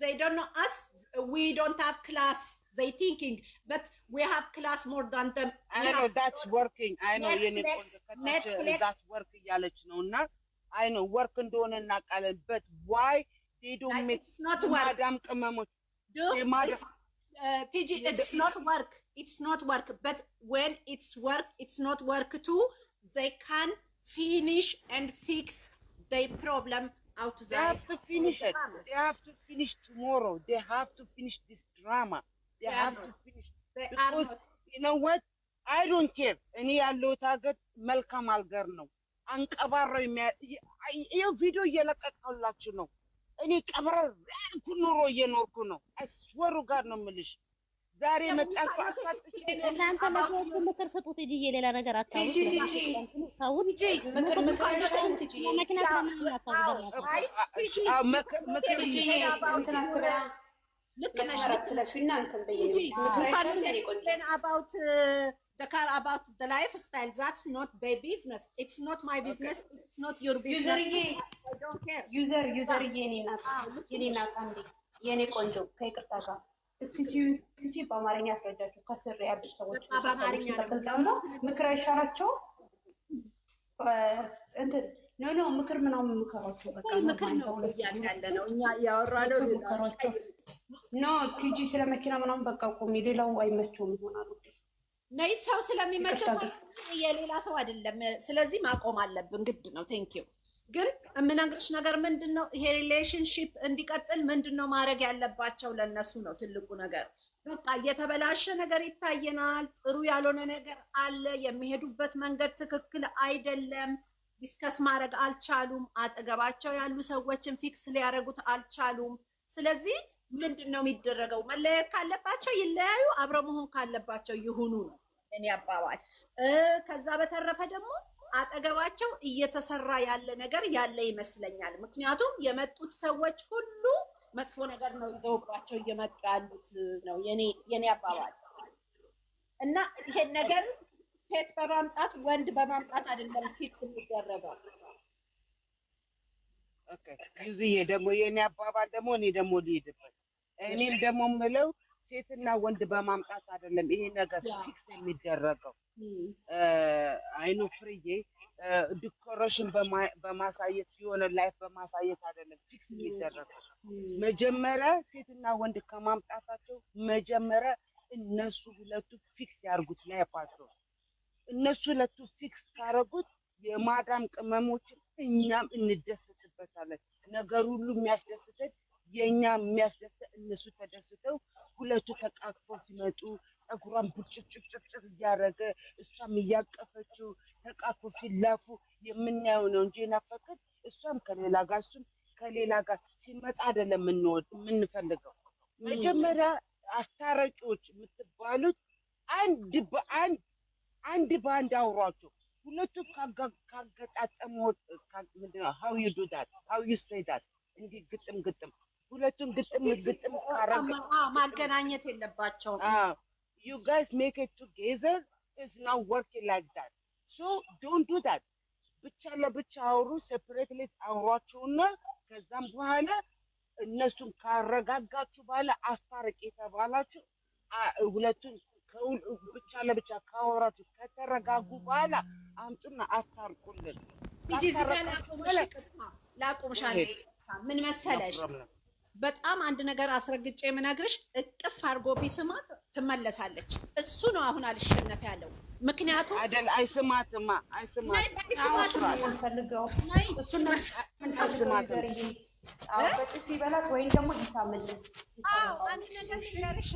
They don't know us. We don't have class. They thinking, but we have class more than them. I know that's working. I know Netflix. that's working. know, I working but ያለች ነው እና አይ It's not እንደሆነ እናውቃለን በት ዋይ ዴዶ ማዳም ቅመሞች ቲጂ ኢትስ not work. It's not work. But when it's work, it's not work too. They can finish and fix their problem. how to. They have to finish it. They have to finish tomorrow. They have to finish this drama. They, they have not. to finish. They because are not. you know what? I don't care. እኔ ያለው ታርገት መልካም አልገር ነው። አንቀባረው ይህ ቪዲዮ እየለቀቀላችሁ ነው። እኔ ቀብረር ኩኑሮ እየኖርኩ ነው። አስወሩ ጋር ነው የምልሽ ዛሬ መጣችሁ አስፋጥቼ እናንተ መስዋዕት ምክር ስጡት እንጂ የሌላ ነገር አታውቁ። ዩዘር ዩዘር የኔ uh, ah. ናት ah, የኔ ቆንጆ ከይቅርታ ጋር እትጂ በአማርኛ አስረዳቸው። ከስር ያሉት ሰዎች ምክር እንትን ኖ ኖ ምክር ምናምን ምከሯቸው። ምክር ነው ያለ ነው እኛ ያወራለው ምከሯቸው። ኖ ቲጂ ስለ መኪና ምናምን በቃ ቁሚ፣ ሌላው አይመቸውም ይሆናሉ። ነይ ሰው ስለሚመቸው የሌላ ሰው አይደለም። ስለዚህ ማቆም አለብን፣ ግድ ነው። ቴንኪው ግን የምነግርሽ ነገር ምንድን ነው፣ ይሄ ሪሌሽንሺፕ እንዲቀጥል ምንድን ነው ማድረግ ያለባቸው? ለእነሱ ነው ትልቁ ነገር። በቃ የተበላሸ ነገር ይታየናል፣ ጥሩ ያልሆነ ነገር አለ፣ የሚሄዱበት መንገድ ትክክል አይደለም፣ ዲስከስ ማድረግ አልቻሉም፣ አጠገባቸው ያሉ ሰዎችን ፊክስ ሊያደርጉት አልቻሉም። ስለዚህ ምንድን ነው የሚደረገው? መለያየት ካለባቸው ይለያዩ፣ አብረ መሆን ካለባቸው ይሁኑ ነው እኔ አባባል። ከዛ በተረፈ ደግሞ አጠገባቸው እየተሰራ ያለ ነገር ያለ ይመስለኛል። ምክንያቱም የመጡት ሰዎች ሁሉ መጥፎ ነገር ነው ይዘውባቸው እየመጡ ያሉት ነው የኔ አባባል እና ይሄን ነገር ሴት በማምጣት ወንድ በማምጣት አይደለም ፊክስ የሚደረገው። ይህ ደግሞ የእኔ አባባል ደግሞ እኔ ደግሞ ልሄድበት እኔም ደግሞ ምለው ሴትና ወንድ በማምጣት አይደለም ይሄ ነገር ፊክስ የሚደረገው አይኑ ፍርዬ ዲኮሬሽን በማሳየት የሆነ ላይፍ በማሳየት አይደለም ፊክስ የሚደረገው። መጀመሪያ ሴትና ወንድ ከማምጣታቸው መጀመሪያ እነሱ ሁለቱ ፊክስ ያርጉት ላይፋቸው። እነሱ ሁለቱ ፊክስ ካረጉት የማዳም ቅመሞችን እኛም እንደሰትበታለን። ነገር ሁሉ የሚያስደስተን የእኛ የሚያስደስ እነሱ ተደስተው ሁለቱ ተቃቅፎ ሲመጡ ፀጉሯን ብጭጭጭጭር እያደረገ እሷም እያቀፈችው ተቃቅፎ ሲላፉ የምናየው ነው እንጂ የናፈቀን እሷም ከሌላ ጋር እሱም ከሌላ ጋር ሲመጣ አይደለም የምንፈልገው። መጀመሪያ አስታራቂዎች የምትባሉት አንድ በአንድ አንድ በአንድ አውሯቸው። ሁለቱ ካገጣጠሙ ሀው ዩ ዱ ዳት ሀው ዩ ሴይ ዳት እንዲህ ግጥም ግጥም ሁለቱም ግጥም ግጥም ማገናኘት የለባቸውም። ዩ ጋይስ ሜክ ኢት ቱጌዘር ኢዝ ናት ወርኪንግ ላይክ ዳት ሶ ዶንት ዱ ዳት። ብቻ ለብቻ አውሩ፣ ሴፕሬትሊ አውሯቸውና ከዛም በኋላ እነሱን ካረጋጋችሁ በኋላ አስታርቅ የተባላችሁ ሁለቱን ብቻ ለብቻ ካወራችሁ ከተረጋጉ በኋላ አምጡና አስታርቁልን። ላቁምሻ ምን መሰለሽ በጣም አንድ ነገር አስረግጬ የምነግርሽ እቅፍ አድርጎ ቢስማት ትመለሳለች። እሱ ነው አሁን አልሸነፍ ያለው። ምክንያቱም አይደል አይስማትማ፣ በጥፊ በላት ወይም ደግሞ ይሳምልን። አንድ ነገር ልንገርሽ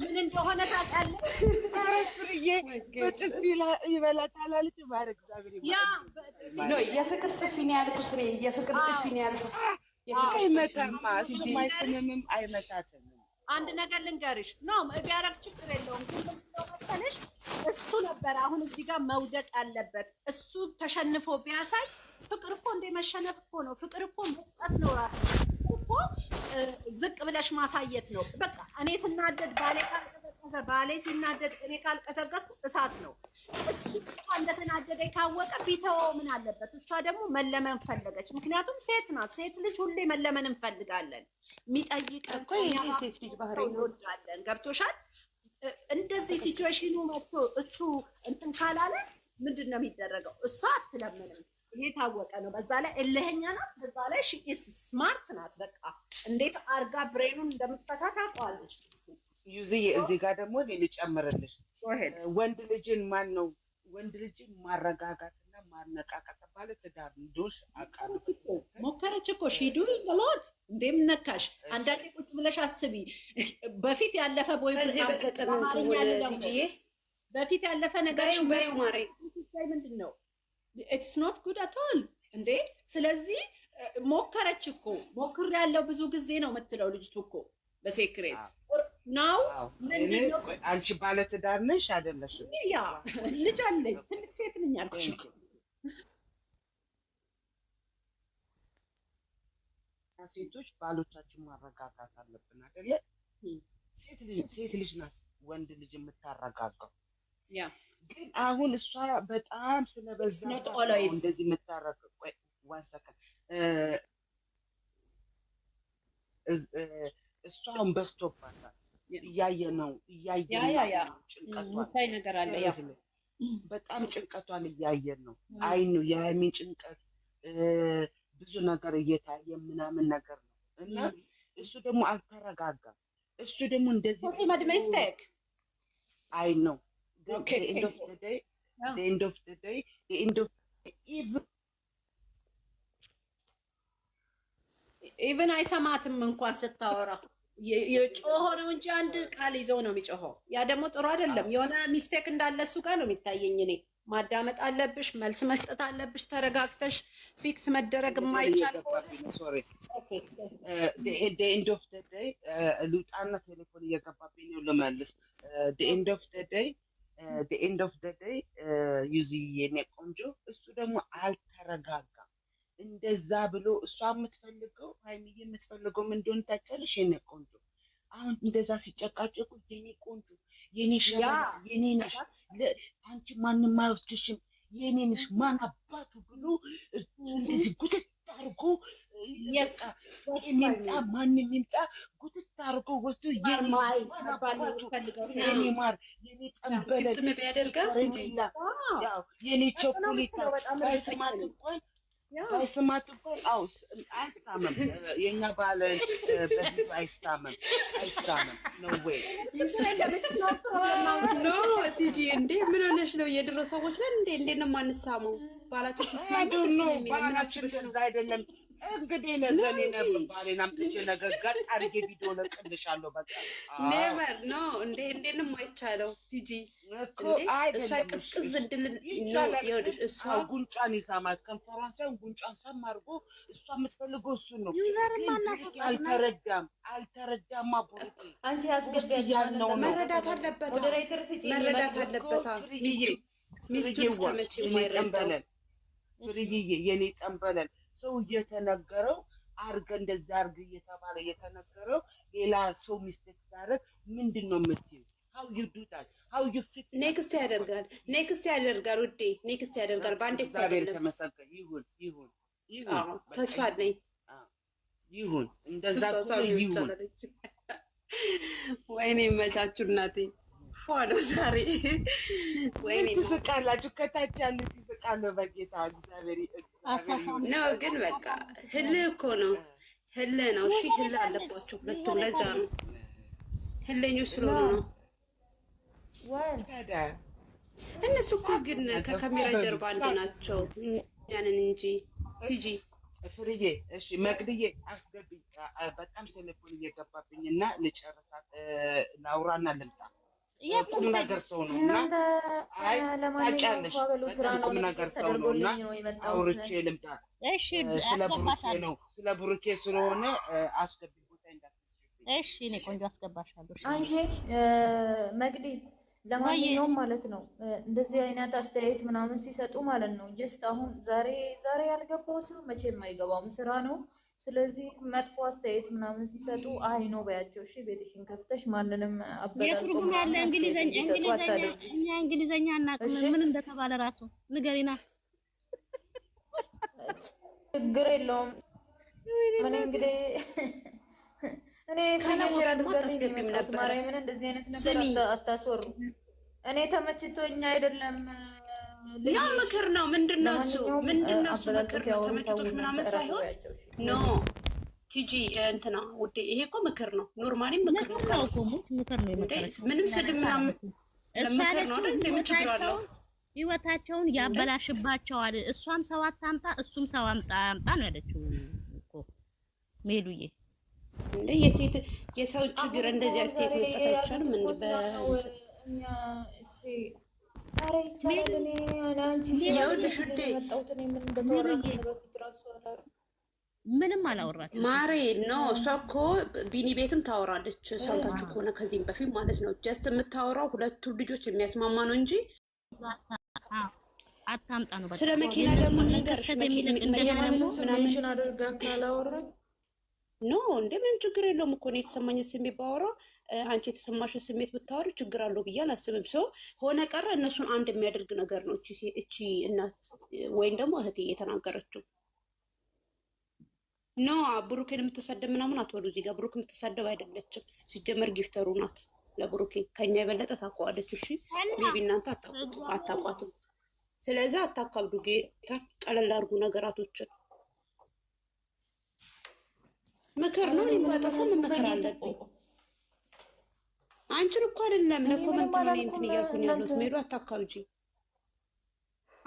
ምን እንደሆነ ታውቃለህ? በጥፊ ይበላታል አለች። የፍቅር ጥፊ ነው ያልኩት፣ የፍቅር ጥፊ ነው ያልኩት አይመታማ እሱም አይስምምም አይመታትም። አንድ ነገር ልንገርሽ ኖ ቢያረግ ችግር የለውም ግን እሱ ነበረ አሁን እዚህ ጋር መውደቅ ያለበት እሱ ተሸንፎ ቢያሳይ ፍቅር እኮ እንደ መሸነፍ እኮ ነው። ፍቅር እኮ መስጠት ነው። ራሱ እኮ ዝቅ ብለሽ ማሳየት ነው። በቃ እኔ ስናደድ ባሌ ካልቀዘቀዘ፣ ባሌ ሲናደድ እኔ ካልቀዘቀዝኩ እሳት ነው። እሱ እሷ እንደተናደደ የታወቀ ቢተወው ምን አለበት? እሷ ደግሞ መለመን ፈለገች። ምክንያቱም ሴት ናት። ሴት ልጅ ሁሌ መለመን እንፈልጋለን። የሚጠይቅ ሴት ልጅ ባህሪ እንወዳለን። ገብቶሻል? እንደዚህ ሲቹዌሽኑ መጥቶ እሱ እንትን ካላለ ምንድን ነው የሚደረገው? እሷ አትለምንም። ይሄ የታወቀ ነው። በዛ ላይ እልህኛ ናት። በዛ ላይ ሽኢስ ስማርት ናት። በቃ እንዴት አርጋ ብሬኑን እንደምትፈታ ታውቀዋለች። ዩዝዬ እዚህ ጋር ደግሞ ልጨምርልሽ ወንድ ልጅን ማን ነው ወንድ ልጅን ማረጋጋት እና ማነቃቃት ባለ ትዳር ሞከረች እኮ ሺዱ ሎት ነካሽ። አንዳንዴ ቁጭ ብለሽ አስቢ። በፊት ያለፈ ቦይ በፊት ያለፈ ነገር ምንድን ነው? ኢትስ ኖት ጉድ አቶል እንዴ። ስለዚህ ሞከረች እኮ ሞክር ያለው ብዙ ጊዜ ነው የምትለው ልጅቱ እኮ በሴክሬት ነው አንቺ ባለትዳር ነሽ አይደለሽም? ያ ልጅ አለኝ፣ ትልቅ ሴት ነኝ አልኩሽ። ሴቶች ባሎቻችን ማረጋጋት አለብን አይደለ? ሴት ልጅ ናት ወንድ ልጅ የምታረጋጋው። ግን አሁን እሷ በጣም ስለበዛ እንደዚህ የምታረገው እሷን በዝቶባታል። እያየ ነው እያየነውታይ ነገር አለ። በጣም ጭንቀቷን እያየን ነው። አይኑ ነው የሀይሚን ጭንቀት ብዙ ነገር እየታየ ምናምን ነገር ነው እና እሱ ደግሞ አልተረጋጋም። እሱ ደግሞ እንደዚህ አይ ነው ኢቭን አይሰማትም እንኳን ስታወራ የጮሆ ነው እንጂ አንድ ቃል ይዘው ነው የሚጮኸው። ያ ደግሞ ጥሩ አይደለም። የሆነ ሚስቴክ እንዳለ እሱ ጋር ነው የሚታየኝ እኔ። ማዳመጥ አለብሽ፣ መልስ መስጠት አለብሽ፣ ተረጋግተሽ ፊክስ መደረግ የማይቻል ልውጣና ቴሌፎን እየገባብኝ ነው ልመልስ። ኤንድ ኦፍ ደይ ዩዚ የኔ ቆንጆ እሱ ደግሞ አልተረጋጋ እንደዛ ብሎ እሷ የምትፈልገው ሀይሚዬ የምትፈልገው ምን እንደሆነ ታውቂያለሽ? የኔ ቆንጆ አሁን እንደዛ ሲጨቃጨቁ የኔ ቆንጆ የኔ ሸባ የኔ ነሽ አንቺ ማንም አይወስድሽም የኔ ነሽ ማን አባቱ ብሎ እንደዚህ ጉትት አርጎ ይምጣ ማንም ይምጣ ጉትት አድርጎ ወስዶ የኔ ማር የኔ ጠንበለ ያው የኔ ቸኮሌታ በስማት እንኳን ስማት እኮ አዎ፣ አይሳምም። የእኛ ባለ በፊቱ አይሳምም፣ አይሳምም። ነው ወይ ቲጂ፣ እንዴ ምን ሆነሽ ነው? የድሮ ሰዎች ነን እንዴ? እንዴት ነው የማንሳመው? ባላችን ሲስማ ባላችን እንደዛ አይደለም። እንግዲህ ለዘኔ ነበር ባሌን ነገር ጋር አድርጌ ቪዲዮ ለቅልሻለሁ። በቃ ኔቨር ኖ እንዴ እንዴንም አይቻለው። ቲጂ እሷ ቅዝቅዝ እድል እሷ ጉንጫን ይሳማል። ከንፈሯን ሳይሆን ጉንጫን ሳም አድርጎ እሷ የምትፈልገው እሱ ነው። አልተረዳም አልተረዳም። አቡሩቴ አንቺ ያስገቢያለው መረዳት አለበታ መረዳት አለበታ ሚስቱ ስከመቼ ማይረዳው ፍርዬ የኔ ጠንበለን ሰው እየተነገረው አርገ እንደዛ አርገ እየተባለ እየተነገረው ሌላ ሰው ሚስቴክ ሲያደርግ ምንድን ነው የምትይው? ኔክስት ያደርጋል፣ ኔክስት ያደርጋል፣ ውዴ ኔክስት ያደርጋል። በአንድ ተመሰገን ይሁን ይሁን ይሁን፣ ተስፋ ነኝ። ይሁን፣ እንደዛ ይሁን። ወይኔ መቻችሁ እናቴ ፏ ነው ዛሬ። ወይኔ ትስቃላችሁ፣ ከታች ያሉት ይስቃሉ። በጌታ እግዚአብሔር ነው። ግን በቃ ህል እኮ ነው፣ ህል ነው። እሺ ህል አለባቸው ሁለቱም። ለዛ ነው ህለኞች ስለሆኑ ነው። እነሱ እኮ ግን ከካሜራ ጀርባ አንድ ናቸው። እኛንን እንጂ ትጂ ፍርዬ እሺ፣ መቅድዬ አስገብኝ። በጣም ቴሌፎን እየገባብኝ እና ልጨርሳት፣ ላውራና ልምጣ። የምናደርሰው ነው ነው ልምጣ። ስለ ብሩኬ ነው ስለ ብሩኬ ስለሆነ አስገቢ ቦታ እሺ እኔ ቆንጆ አስገባሻለሁ። አንቺ መግዲ ለማንኛውም ማለት ነው እንደዚህ አይነት አስተያየት ምናምን ሲሰጡ ማለት ነው ጀስት አሁን ዛሬ ዛሬ ያልገባው ሰው መቼም አይገባም። ስራ ነው ስለዚህ መጥፎ አስተያየት ምናምን ሲሰጡ አይ ነው በያቸው። እሺ ቤትሽን ከፍተሽ ማንንም አበላልጦ ሲሰጡ አታደርጊ። እኛ እንግሊዘኛ እናቅም ምን እንደተባለ ራሱ ንገሪና። ችግር የለውም። ምን እንግዲህ እኔ ፊናሽር አድርጋት ማርያምን፣ እንደዚህ አይነት ነገር አታስወሩ። እኔ ተመችቶኛ አይደለም ያ ምክር ነው። ምንድን ነው እሱ? ምንድን ነው እሱ? ምክር ነው። ተመችቶሽ ምናምን ሳይሆን ኖ ቲጂ እንትና ውዴ፣ ይሄ እኮ ምክር ነው። ኖርማሊም ምክር ነው። ምንም ስድብ ምናምን ምክር ነው አይደል? እንደምን ችግር አለው? ህይወታቸውን ያበላሽባቸዋል። እሷም ሰው አታምጣ፣ እሱም ሰው አምጣ ነው ያለችው እኮ ሜሉዬ። እንደ የሴት የሰው ችግር እንደዚህ ሴት መስጠት አይቻልም። ምን በ ኧረ ይቻላል። እኔ ምንም አላወራችም ማሬ ነው። እሷ እኮ ቢኒ ቤትም ታወራለች፣ ሰምታችሁ ከሆነ ከዚህም በፊት ማለት ነው። ጀስት የምታወራው ሁለቱ ልጆች የሚያስማማ ነው እንጂ አታምጣ ነው። ስለ መኪና ደግሞ ነገር ኖ እንደ ምንም ችግር የለውም እኮ ነው የተሰማኝ ስሜት ባወራ አንቺ የተሰማሽን ስሜት ብታወሪ ችግር አለው ብዬ አላስብም። ሰው ሆነ ቀረ እነሱን አንድ የሚያደርግ ነገር ነው እቺ እናት ወይም ደግሞ እህቴ የተናገረችው ኖ ብሩኬን የምትሳደብ ምናምን አትወዱ። እዚህ ጋር ብሩክ የምትሳደብ አይደለችም። ሲጀመር ጊፍተሩ ናት ለብሩኬ ከኛ የበለጠ ታውቀዋለች። እሺ ቤቢ እናንተ አታውቋትም። ስለዚህ አታካብዱ። ጌታ ቀለል አድርጉ ነገራቶችን። ምክር ነው ሊመጠፉ ምመክር አለብኝ አንቺን እኮ አይደለም ለኮመንት ነው እንትን እያልኩኝ ያሉት ሜሉ አታካብጂ።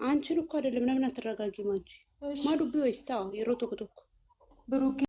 አንቺን እኮ አይደለም ለምን አትረጋጊም? አንቺ ማዱቢ ወይስታ የሮቶክቶክ ብሩኬ